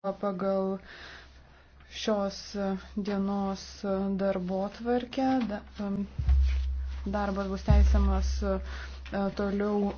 pagal šios dienos darbo tvarkę. Um, darbas bus teisiamas uh, toliau.